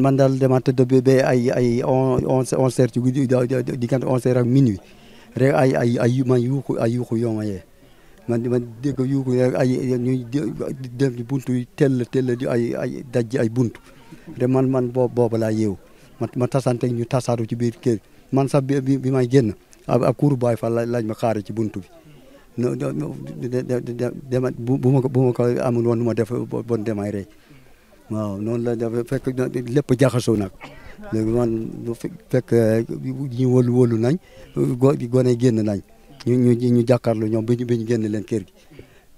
man daal dama tëdd ba ay ay onze onze heures ci guddi ak minuit rek ay ay ay man yuuxu ay yuuxu yoo ma yee man man dégg yuuxu rek ay ñuy def buntu yi tell tell di ay ay ay buntu rek man man boobu boobu laa yeewu ma ma tasante ñu tasaaru ci biir kër man sax bi bi may génn a ab kuur baay fa laaj ma xaare ci buntu bi no dema bu ma ko amul woon nu ma def bon demay rek waaw noonu la dafa fekk lépp jaxasoo nag man bu fekk ñi wolu wóolu nañ gone génn nañ ñu ñu ñu jàkkaarloo ñoom ba ñu ba ñu leen kër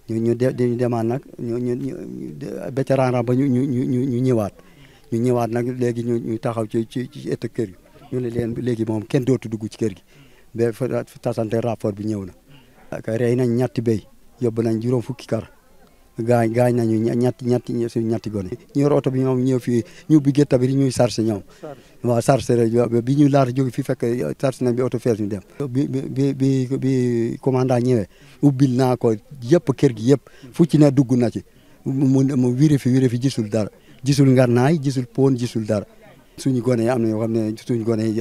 gi ñu ñu ñu demaat nag ñu ñu vétéran ba ñu ñu ñu ñu ñëwaat ñu ñëwaat nag léegi ñu ñu taxaw ci ci ci kër gi ñu ne leen léegi moom kenn dootu dugg ci kër gi ba fa tasante rapport bi ñëw na. ak rey nañ ñetti béy yobb nañ juróom fukki kar. gaañ gaañ nañu ñetti ñetti suñu ñetti gone ñu yor oto bi ñoom ñëw fii ñu bi gétta bi ñuy chargé ñoom waaw chargé rek bi ñu laata jóge fii fekk chargé nañ bi oto fees ñu dem bi bi bi bi commandant ñëwee ubbil naa ko yëpp kër gi yëpp fu ci ne dugg na ci mu wiri fi wiri fi gisul dara gisul ngarnaay gisul poon gisul dara suñu gone yi am na yoo xam ne suñu gone yi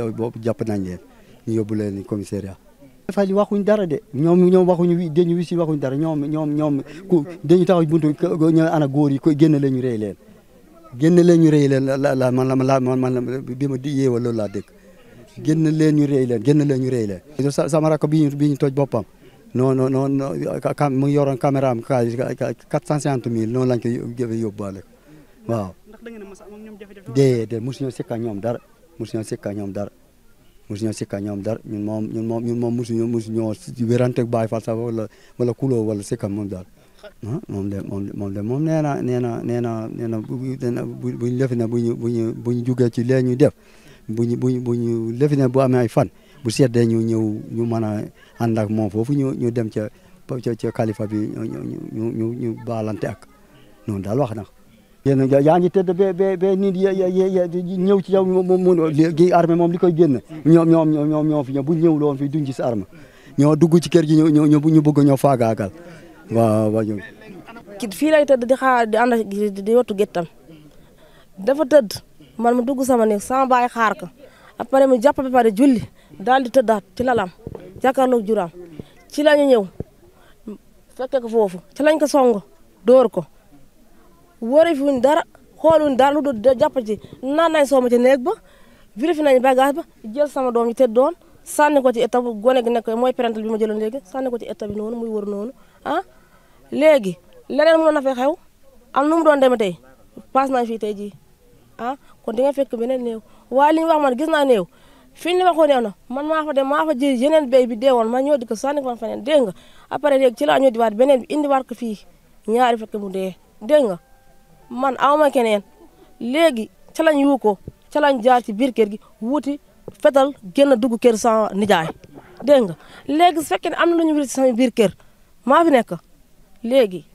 nañ leen ñu yóbbu leen commissariat fali waxuñ dara de ñoom ñoom waxuñ dañu wisi waxuñ dara ñoom ñoom ñoom ku dañu taxaw buntu ñooy ana góor yi ko génn la ñu rëy leen génn leen ñu rëy leen la la man la la man la bi ma yeewal loolu laa dëkk génn leen ñu rëy leen génn leen ñu rëy leen sama rakk bi bi ñu toj boppam non non non mu ngi yoroon caméra am ka quatre cent cinquante mille noonu lañ ko yóbbaale waaw dee dee mosu ñoo sekk ak ñoom dara mosu ñoo sekk ak ñoom dara mosuñoo sikka ñoom dara ñun moom ñun moom ñun moom mosuñoo mosuñoo wérante Baay Faal sax wala wala kuloo wala sikka moom daal ah moom de moom nee na nee na nee na nee na bu buñ lefi ne buñu buñu buñ jugee ci lee ñuy def buñu buñ buñu lefi ne bu amee ay fan bu seddee de ñëw ñu mën a ànd ak moom foofu ñu dem ca ca ca kalifa bi ñu ñu ñu ak noonu daal wax génn yaa ngi tëdd ba ba ba nit ñëw ci yow moom moom léegi armée moom li koy génn. ñoom ñoom ñoom ñoo fi ñëw bu ñëwul woon fii duñ gis arme ñoo dugg ci kër gi ñu ñu ñu bëgg ñoo faagaagal waaw waaw. fii lay tëdd di xaar di ànd di wattu géttam dafa tëdd man mu dugg sama néeg sama baay xaar ko après mu jàpp ba pare julli daal di tëddaat ci lalam jàkkaarloog juraam ci la ñu ñëw fekke ko foofu ci lañ ko song dóor ko. warifuñ dara xooluñ dara lu dul jàpp ci naan nañ sooma ci néeg ba vérifié nañ bagage ba jël sama doom yi te doon sànni ko ci état bu gone gi nekk mooy parental bi ma jëloon léegi sànni ko ci état bi noonu muy wër noonu ah léegi leneen mënoon na fay xew am nu mu doon demee tey paas nañ fii tey jii ah kon di nga fekk beneen néew waaye li ñu wax man gis na néew fi ñu ne waxoo néew na man maa fa dem maa fa jël yeneen béy bi deewoon ma ñëw di ko sànni ko feneen dégg nga après léegi ci laa ñëw di beneen bi indiwaat ko fii ñaari fekk dee dégg nga man awma keneen léegi ca lañ yu ko ca jaar ci biir kër gi wuti fetal génn dugg kër sa nijaay dégg nga léegi su fekkee ne am na lu ñu vérifié biir ker maa fi nekk léegi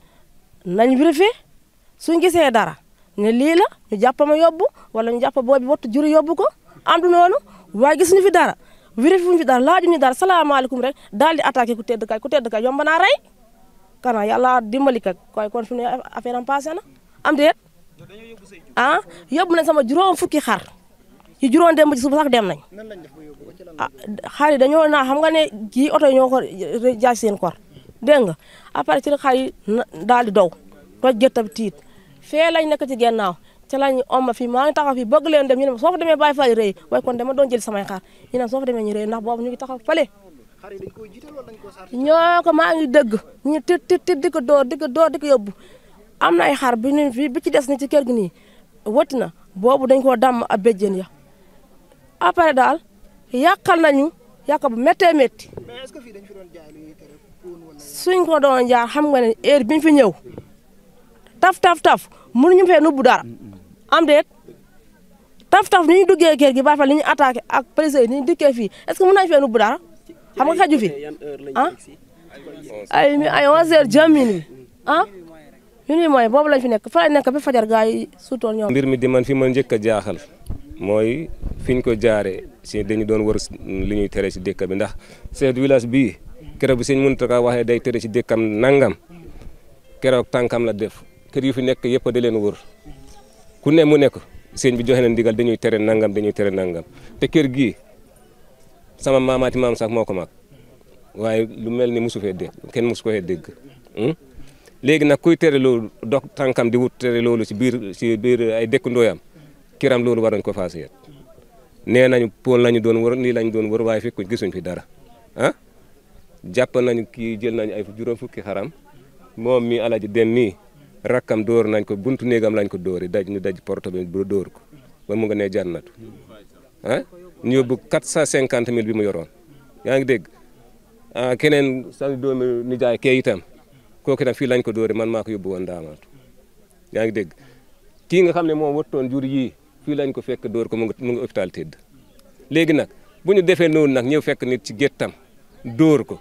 nañ fi suñ gisee dara ne lii la ñu jàpp ma yobbu wala ñu jàpp boobi wattu juri yóbbu ko am du noonu waaye fi dara vérifié wuñu fi dara laajuñu dara salaamaaleykum rek daal di attaqué ku tedd kay ku tedd kay yomb naa rey kana yàlla dimbali kay kon suñu affaire am passé na. am déet ah yóbbu nañ sama juroom fukki xar yu juróom dem suba sax dem nañ ah xar yi dañoo naa xam nga ne kii oto ñoo ko seen kor dégg nga après ci xar yi daal di dow toj gët bi tiit fee lañ nekk ci gennaaw ca lañ omma fii maa ngi taxaw fii bëgg leen dem ñu ne soo fa demee bàyyi fay rëy waaye kon dama doon jël sama xar ñu na soo fa demee ñu rëy ndax boobu ñu ngi taxaw fële ñoo ko maa ngi dëgg ñu tit tit tit di ko door di ko door di ko am na ay xar bi fi bi ci des ni ci kër gi nii wëti na boobu dañ koo damm ab béjjén ya après daal yàqal nañu yàq bu méttee métti suñ ko doon jaar xam nga ne heure bi fi ñëw taf taf taf mënuñu fee nubbu dara am déet taf taf ni ñu duggee kër gi ba fa li ñu attaqué ak président yi ni ñu dikkee fii est ce que mën nañu dara xam nga xaju fi ah ay mi ay 11 heures ñu ni mooy boobu lañ fi nekk fa lañ ba fajar gaa yi suutoon ñoom. mbir mi di man fi ma njëkk a jaaxal mooy fi ñu ko jaaree si dañu doon wër li ñuy tere si dëkk bi ndax chef du village bii keroog bi sëñ Mountakha waxee day tere si dëkkam nangam keroog tànkam la def kër yu fi nekk yëpp da leen wër ku ne mu nekk sëñ bi joxe na ndigal dañuy tere nangam dañuy tere nangam te kër gi sama maamaati maam sax moo ko mag waaye lu mel ni mosu fee kenn mosu ko fee dégg. Hmm? léegi nag kuy tere loolu dox tànkam di wut tere loolu si biir si biir ay dëkk ndooyam kiram loolu war nañ ko faase yet nee nañu pool lañu doon wër nii lañ doon wër waaye fekkuñ gisuñ fi dara ah jàpp nañu kii jël nañu ay juróom fukki xaram moom mi alaji dem mii rakkam dóor nañ ko buntu néegam lañ ko dóori daj ñu daj porte bi bu dóor ko ba mu nga nee jànnatu ah ñu yóbbu quatre cent cinquante mille bi mu yoroon yaa ngi dégg ah keneen sa doomi nijaay kee itam kooku nag fii lañ ko dóore man maa ko yóbbu woon daamaatu yaa ngi dégg kii nga xam ne moom wattoon jur yi fii lañ ko fekk dóor ko mu ngi mu ngi hôpital tëdd léegi nag bu ñu defee noonu nag ñëw fekk nit ci géttam dóor ko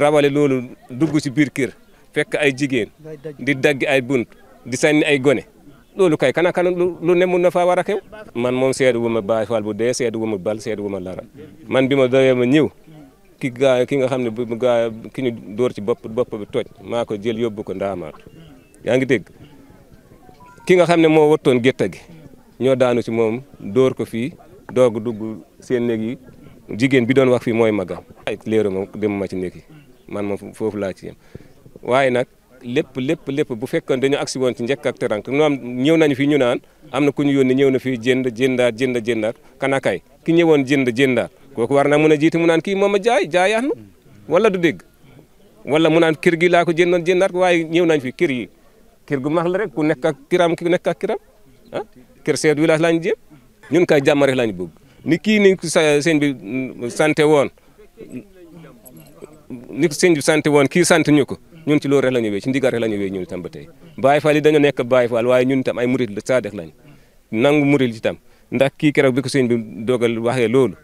rawale loolu dugg ci biir kër fekk ay jigéen di dagg ay bunt di sànni ay gone loolu kay kana kana lu ne mun na faa war a xew man moom seedu wu ma baay faal bu dee seedu wu ma bal seedu wu ma lara man bi ma doyee ma ki gaay ki nga xam ne bu gaay ki ñu dóor ci bopp bopp bi toj maa ko jël yóbbu ko yaa ngi dégg ki nga xam ne moo wattoon gétta gi ñoo daanu ci moom dóor ko fii doog dugg seen néeg yi jigéen bi doon wax fii mooy magam ay léeru ma dem ma ci néeg yi man moom foofu laa ci waaye nag lépp lépp lépp bu fekkoon dañu agsi woon ci njëkk ak terang ñoom ñëw nañu fii ñu naan na ku ñu yónni ñëw na fii jënd jëndaat jënd jëndaat kanakaay ki ñëwoon jënd jëndaat kooku war naa mën a jiite mu naan kii mooma a jaay jaayaat na wala du dégg wala mu naan kër gi laa ko jëndoon jëndaat ko waaye ñëw nañ fi kër yi kër gu mag la rek ku nekk ak kiram ku nekk ak kiram ah kër seet village lañ jéem ñun kay jàmm rek lañ bëgg ni kii ni sëñ bi sante woon ni ko sëñ bi woon kii sant ñu ko ñun ci loolu rek la ñu wéy ci ndigal rek la ñu wéy ñun itam ba tey Baay da yi dañoo nekk Baay Faal waaye ñun itam ay murit la saadix lañ nangu murit itam ndax kii keroog bi ko sëñ bi dogal waxee loolu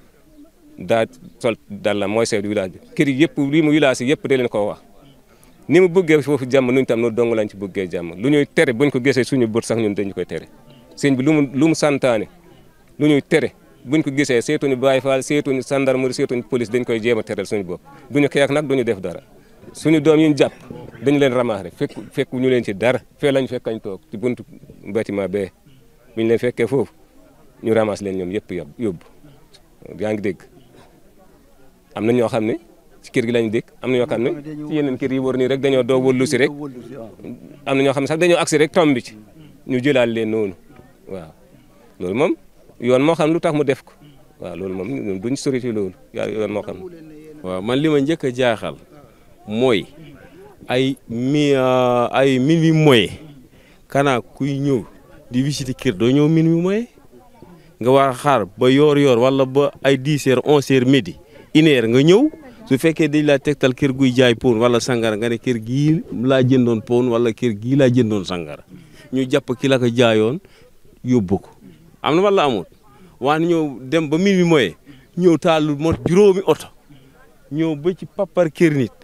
daa sol dàllam mooy chef du village bi kër yëpp lii mu village yi yëpp da leen koo wax ni mu bëggee foofu jàmm nuñu tam noonu lañ ci bëggee jàmm lu ñuy tere buñ ko gisee suñu bët sax ñun dañu koy tere sëñ bi lu mu lu mu santaane lu ñuy tere buñ ko gisee seetuñu Baay Faal seetuñu gendarmerie seetuñu police dañ koy jéem a teral suñu bopp duñu xeex nag duñu def dara suñu doom yi ñu jàpp dañu leen ramax rek fekk fekk ñu leen ci dara fee lañ fekk kañ toog ci buntu bâtiment bee bu ñu leen fekkee foofu ñu ramas leen ñoom yëpp yóbbu yaa ngi dégg am na ñoo xam ne ci kër gi lañ dek am na ñoo xam ne yeneen kër yi wor nii rek dañoo doo wëllu si rek am na ñoo xam ne sax dañoo ak agsi rek tombi ci ñu jëlaat leen noonu waaw loolu moom yoon moo xam lu tax mu def ko waaw loolu moom ñu sori ci loolu yoon moo xam waaw man li ma njëkk a jaaxal mooy ay mi ay min mi moye kanaa kuy ñëw di visité kër doo ñëw min mi moye nga war xaar ba yoor yoor wala ba ay 10 heures 11 heures midi une heure nga ñëw su fekkee dañ laa tegtal kër guy jaay poon wala sangara nga ne kër gii laa jëndoon poon wala kër gii laa jëndoon sangara ñu jàpp ki la jaayoon yóbbu ko am na walla amut waa ñëw dem ba mi mi mooyee ñëw taalu mot juróomi oto ñëw ba ci papar kër nit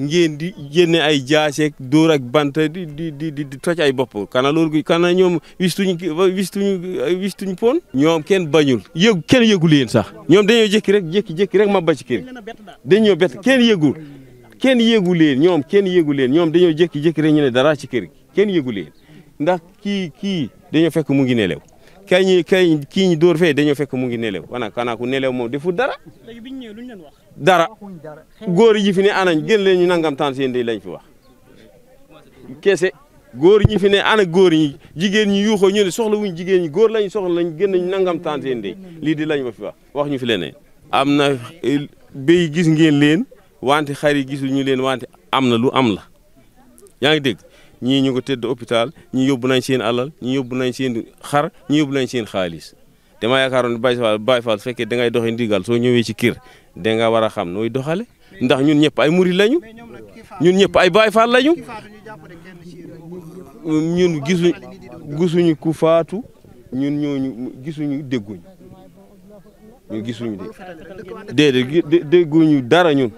ngeen di génne ay jaaseek door ak bant di di di di toj ay bopp kana loolu kana ñoom wistuñ wistuñ wistuñ poon ñoom kenn bañul yëg kenn yëgu leen sax ñoom dañoo jékki rek jékki-jékki rek ma ba ci kër dañoo bett kenn yëgul kenn yëgu leen ñoom kenn yëgu leen ñoom dañoo jékki-jékki rek ñu ne dara ci kër gi kenn yëgu leen ndax kii kii dañoo fekk mu ngi nelew kay ñi kay kii ñu dóor fee dañoo fekk mu ngi nelew wana kana ku nelew moom defu dara léegi biñ leen wax dara góor yi fi ne anañ gën leen ñu nangam taan seen day lañ fi wax kese góor ñi fi ne ana góor ñi jigéen ñi yuuxoo ñu ne soxla wuñ jigéen ñi góor lañu soxla lañ gën nangam taan seen lii di lañ ma fi wax wax ñu fi leneen am na eh, béy gis ngeen leen wante xar yi gisul leen wante am na lu am la yaa ngi dégg ñii ñu ko tëdd hôpital ñi yóbbu nañ seen alal ñi yóbbu nañ seen xar ñi yóbbu nañ seen xaalis dama yaakaaroon Baye Fall Baye Fall fekkee da ngay doxee ndigal soo ñëwee ci kër da nga war a xam nooy doxale ndax ñun ñëpp ay murid lañu ñun ñëpp ay baay faal lañu ñun gisuñ gisuñu ku faatu ñun ñooñu gisuñu dégguñu ñun gisuñu dé dara ñun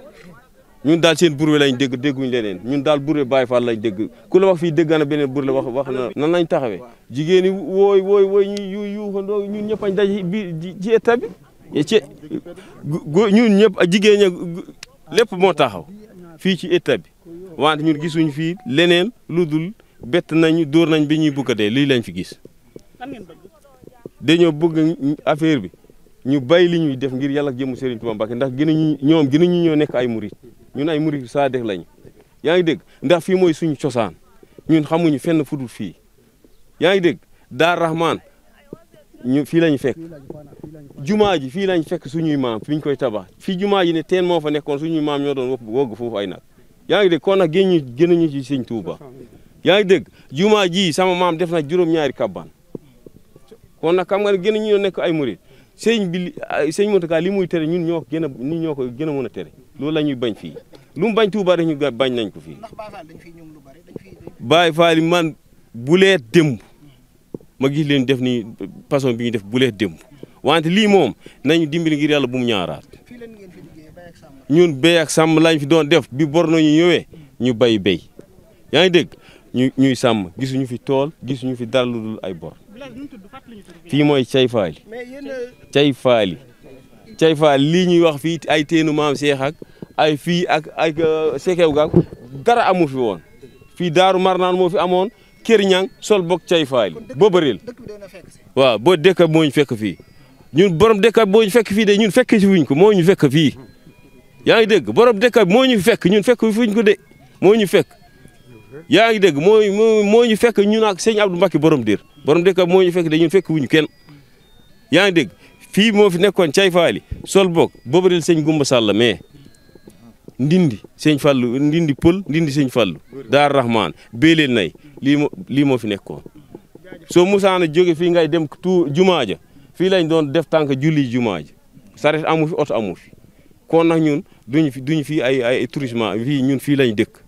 ñun daal seen burwe lañ dégg dégguñu leneen ñun daal burwe Baay Faal lañ dégg ku la wax fii déggaan beneen burwe wax wax na nan lañ taxawee jigéen ñi wooy wooy wooy ñu yu yuuxandoo ñun ñëpp añ daj bi ci ci ñun ñëpp jigéen ña lépp moo taxaw fii ci état bi wante ñun gisuñ fii leneen lu dul bett nañu dóor nañ bi ñuy bugg a dee lii lañ fi gis. dañoo bëgg affaire bi ñu bàyyi li ñuy def ngir yàlla ak jëmu Serigne Touba ndax gënuñu ñoom gënuñu ñoo nekk ay murit ñun ay murit saa def lañu. yaa ngi dégg ndax fii mooy suñu cosaan ñun xamuñu fenn fudul fii yaa ngi dégg Daar Rahman. ñu fii lañ fekk jumaa ji fii lañ fekk suñuy maam fi koy tabax fii jumaa ji ne teen moo fa nekkoon suñuy maam ñoo doon wogg foofu ay nag yaa ngi dégg kon nag génn ñu génn ñu ci Tuuba yaa ngi dégg jumaa ji sama maam def na juróom-ñaari kabban kon nag xam nga ne génn ñu nekk ay murit sëñ bi ah, sëñ Mountakha li muy tere ñun ñoo gën a ñun ñoo ko gën a mën tere loolu la ñuy bañ fii lu mu bañ Tuuba rek ñu bañ nañ ko fii Baay Faal man bu lee démb ma gis leen def ni façon bi ñu def bu leen démb wante lii moom nañu dimbali ngir yàlla bu mu ñaaraat ñun béy ak sàmm lañ fi doon def bi bor nañu ñëwee ñu bay béy yaa ngi dégg ñu ñuy sàmm gisuñu fi tool gisuñu fi dara lu ay bor fii mooy cay faali cay faali cay faali lii ñuy wax fii ay teenu maam seex ak ay fii ak ay sekew gaag dara amu fi woon fii daaru marnaan moo fi amoon kër ñang sol bokk cay faali boo bëril waaw boo dëkk moo ñu fekk fii ñun borom dëkk moo ñu fekk fii de ñun fekk si fuñ ko moo ñu fekk fii yaa ngi dégg borom dëkk moo ñu fekk ñun fekk fuñ ko de moo ñu fekk yaa ngi dégg moo moo ñu fekk ñun ak sëñ Abdou Mbacké borom dir borom dëkk moo ñu fekk de ñun fekk wuñu kenn yaa ngi dégg fii moo fi nekkoon cay faali sol bokk boo bëril sëñ Gumba Sall mais ndindi sëñ Fallou ndindi pël ndindi sëñ fallu daar Rahman béyleel nay lii moo lii moo fi nekkoon soo musaana jóge fii ngay dem tout jumaa ja fii lañ doon def tànk julli jumaa ja saret amu fi oto amu fi kon nag ñun duñu fi duñu fii ay ay tourisme fii ñun fii lañ dëkk